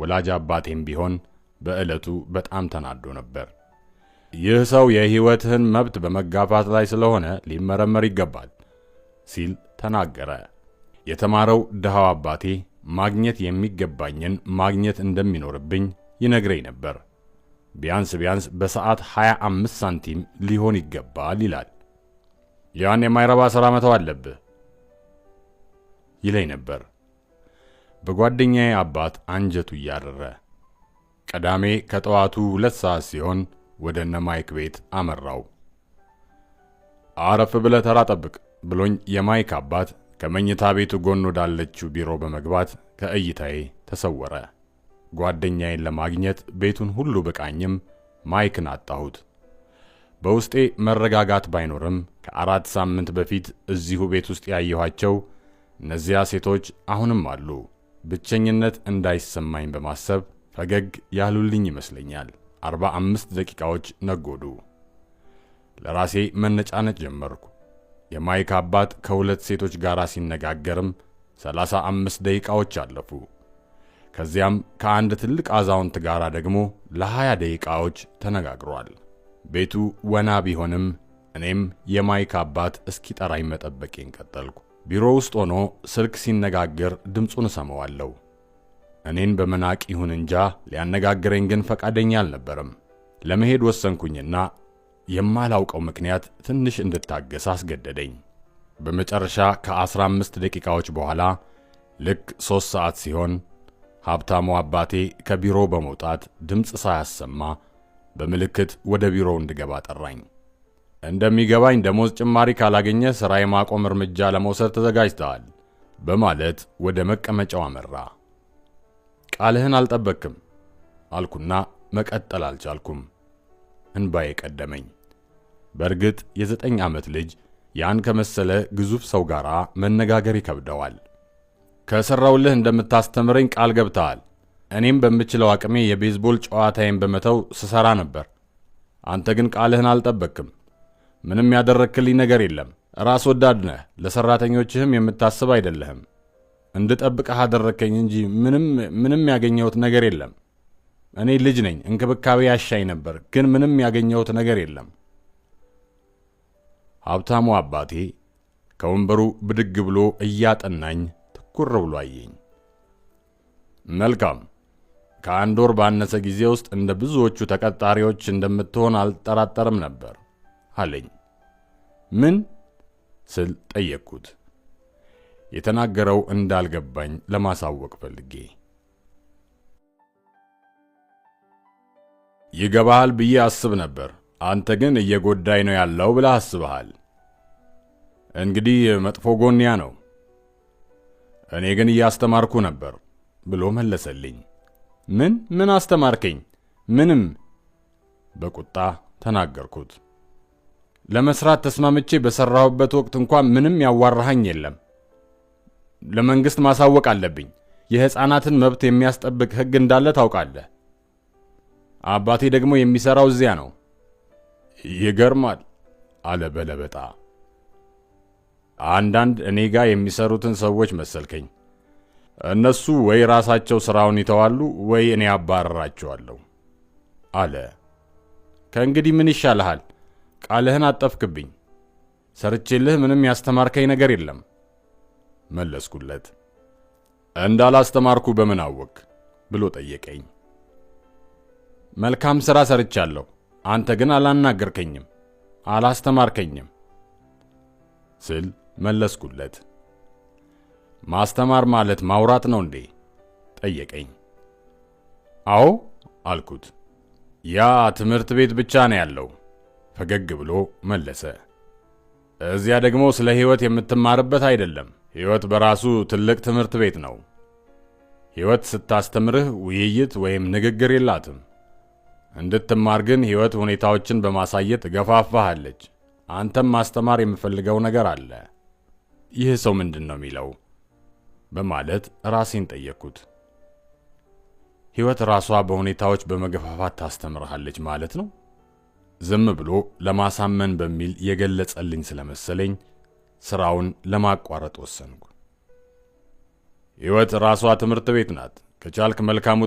ወላጅ አባቴም ቢሆን በዕለቱ በጣም ተናዶ ነበር። ይህ ሰው የሕይወትህን መብት በመጋፋት ላይ ስለሆነ ሊመረመር ይገባል ሲል ተናገረ። የተማረው ድሃው አባቴ ማግኘት የሚገባኝን ማግኘት እንደሚኖርብኝ ይነግረኝ ነበር። ቢያንስ ቢያንስ በሰዓት 25 ሳንቲም ሊሆን ይገባል ይላል። ያን የማይረባ ሥራ መተው አለብህ ይለኝ ነበር። በጓደኛዬ አባት አንጀቱ እያረረ ቀዳሜ ከጠዋቱ ሁለት ሰዓት ሲሆን ወደ እነ ማይክ ቤት አመራው። አረፍ ብለ ተራ ጠብቅ ብሎኝ የማይክ አባት ከመኝታ ቤቱ ጎን ወዳለችው ቢሮ በመግባት ከእይታዬ ተሰወረ። ጓደኛዬን ለማግኘት ቤቱን ሁሉ ብቃኝም ማይክን አጣሁት። በውስጤ መረጋጋት ባይኖርም ከአራት ሳምንት በፊት እዚሁ ቤት ውስጥ ያየኋቸው እነዚያ ሴቶች አሁንም አሉ። ብቸኝነት እንዳይሰማኝ በማሰብ ፈገግ ያሉልኝ ይመስለኛል። አርባ አምስት ደቂቃዎች ነጎዱ። ለራሴ መነጫነጭ ጀመርኩ። የማይክ አባት ከሁለት ሴቶች ጋር ሲነጋገርም ሰላሳ አምስት ደቂቃዎች አለፉ። ከዚያም ከአንድ ትልቅ አዛውንት ጋር ደግሞ ለሀያ ደቂቃዎች ተነጋግሯል። ቤቱ ወና ቢሆንም እኔም የማይክ አባት እስኪጠራኝ መጠበቄን ቀጠልኩ። ቢሮ ውስጥ ሆኖ ስልክ ሲነጋገር ድምፁን እሰማዋለሁ። እኔን በመናቅ ይሁን እንጃ ሊያነጋግረኝ ግን ፈቃደኛ አልነበረም። ለመሄድ ወሰንኩኝና የማላውቀው ምክንያት ትንሽ እንድታገስ አስገደደኝ። በመጨረሻ ከ15 ደቂቃዎች በኋላ ልክ ሦስት ሰዓት ሲሆን ሀብታሙ አባቴ ከቢሮ በመውጣት ድምፅ ሳያሰማ በምልክት ወደ ቢሮው እንድገባ ጠራኝ። እንደሚገባኝ ደሞዝ ጭማሪ ካላገኘ ሥራ የማቆም እርምጃ ለመውሰድ ተዘጋጅተዋል በማለት ወደ መቀመጫው አመራ። ቃልህን አልጠበክም። አልኩና መቀጠል አልቻልኩም። እንባዬ ቀደመኝ። በእርግጥ የዘጠኝ ዓመት ልጅ ያን ከመሰለ ግዙፍ ሰው ጋር መነጋገር ይከብደዋል። ከሠራውልህ እንደምታስተምረኝ ቃል ገብተሃል። እኔም በምችለው አቅሜ የቤዝቦል ጨዋታዬን በመተው ስሰራ ነበር። አንተ ግን ቃልህን አልጠበክም። ምንም ያደረክልኝ ነገር የለም። ራስ ወዳድ ነህ፣ ለሠራተኞችህም የምታስብ አይደለህም። እንድጠብቅህ አደረከኝ እንጂ ምንም ያገኘሁት ነገር የለም። እኔ ልጅ ነኝ፣ እንክብካቤ ያሻኝ ነበር፣ ግን ምንም ያገኘሁት ነገር የለም። ሀብታሙ አባቴ ከወንበሩ ብድግ ብሎ እያጠናኝ ትኩር ብሎ አየኝ። መልካም ከአንድ ወር ባነሰ ጊዜ ውስጥ እንደ ብዙዎቹ ተቀጣሪዎች እንደምትሆን አልጠራጠርም ነበር። አለኝ። ምን ስል ጠየቅኩት። የተናገረው እንዳልገባኝ ለማሳወቅ ፈልጌ ይገባሃል ብዬ አስብ ነበር፣ አንተ ግን እየጎዳኝ ነው ያለው ብለህ አስበሃል። እንግዲህ መጥፎ ጎንያ ነው፣ እኔ ግን እያስተማርኩ ነበር ብሎ መለሰልኝ። ምን ምን አስተማርከኝ? ምንም በቁጣ ተናገርኩት። ለመስራት ተስማምቼ በሰራሁበት ወቅት እንኳን ምንም ያዋራሃኝ የለም። ለመንግስት ማሳወቅ አለብኝ። የህፃናትን መብት የሚያስጠብቅ ህግ እንዳለ ታውቃለህ። አባቴ ደግሞ የሚሰራው እዚያ ነው። ይገርማል አለ በለበጣ። አንዳንድ እኔ ጋር የሚሰሩትን ሰዎች መሰልከኝ። እነሱ ወይ ራሳቸው ስራውን ይተዋሉ ወይ እኔ አባረራቸዋለሁ አለ። ከእንግዲህ ምን ይሻልሃል? ቃልህን አጠፍክብኝ፣ ሰርቼልህ ምንም ያስተማርከኝ ነገር የለም። መለስኩለት። እንዳላስተማርኩ በምን አወቅ ብሎ ጠየቀኝ። መልካም ሥራ ሰርቻለሁ፣ አንተ ግን አላናገርከኝም፣ አላስተማርከኝም ስል መለስኩለት። ማስተማር ማለት ማውራት ነው እንዴ? ጠየቀኝ። አዎ አልኩት። ያ ትምህርት ቤት ብቻ ነው ያለው። ፈገግ ብሎ መለሰ። እዚያ ደግሞ ስለ ሕይወት የምትማርበት አይደለም። ሕይወት በራሱ ትልቅ ትምህርት ቤት ነው። ሕይወት ስታስተምርህ ውይይት ወይም ንግግር የላትም። እንድትማር ግን ሕይወት ሁኔታዎችን በማሳየት እገፋፋሃለች። አንተም ማስተማር የምፈልገው ነገር አለ። ይህ ሰው ምንድን ነው የሚለው? በማለት ራሴን ጠየቅኩት። ሕይወት ራሷ በሁኔታዎች በመገፋፋት ታስተምርሃለች ማለት ነው። ዝም ብሎ ለማሳመን በሚል የገለጸልኝ ስለመሰለኝ ስራውን ለማቋረጥ ወሰንኩ። ሕይወት ራሷ ትምህርት ቤት ናት። ከቻልክ መልካም